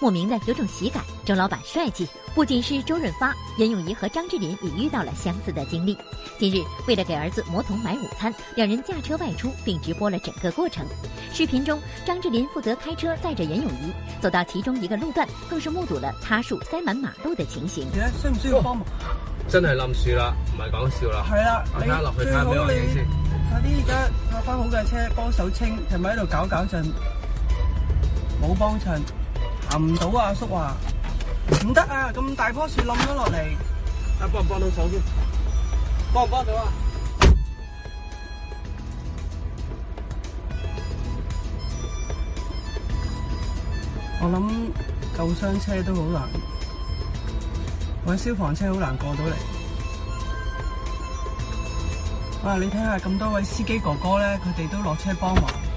莫名的有種喜感。周老闆帥氣，不僅是周潤發、袁詠儀和張智霖也遇到了相似的經歷。近日，為了給兒子魔童買午餐，兩人駕車外出，並直播了整個過程。視頻中，張智霖負責開車，載着袁詠儀走到其中一個路段，更是目睹了冧樹塞滿馬路的情形。需唔需要幫忙？真係冧樹啦，唔係講笑啦。係啦，大家落去睇下俾我影先。快啲而家拍翻，好嘅車幫手清，係咪喺度搞搞震，冇 幫襯。拿唔到啊！叔話唔得啊！咁大棵樹冧咗落嚟，阿哥幫到手先，幫唔幫到啊？我諗救傷車都好難，位消防車好難過到嚟。哇！你睇下咁多位司機哥哥呢，佢哋都落車幫忙。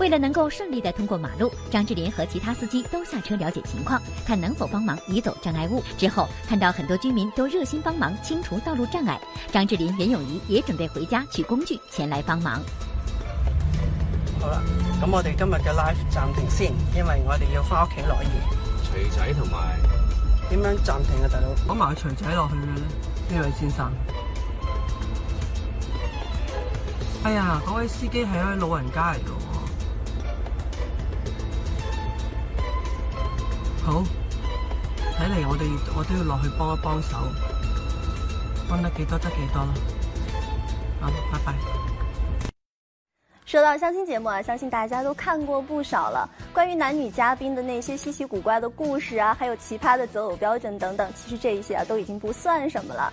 為了能夠順利地通過馬路，張智霖和其他司機都下車了解情況，看能否幫忙移走障礙物。之後看到很多居民都熱心幫忙清除道路障礙，張智霖、袁詠儀也準備回家取工具前來幫忙。好啦，咁我哋今日嘅 live 暫停先，因為我哋要返屋企攞嘢。錘仔同埋，點樣暫停啊，大佬？攞埋錘仔落去呢位先生。哎呀，嗰位司機係一位老人家嚟嘅。好，睇嚟我哋我都要落去幫一幫手，幫得幾多得幾多咯。好，拜拜。說到相親節目啊，相信大家都看過不少了。關於男女嘉賓的那些稀奇古怪的故事啊，還有奇葩的擇偶標準等等，其實這一些啊都已經不算什麼了。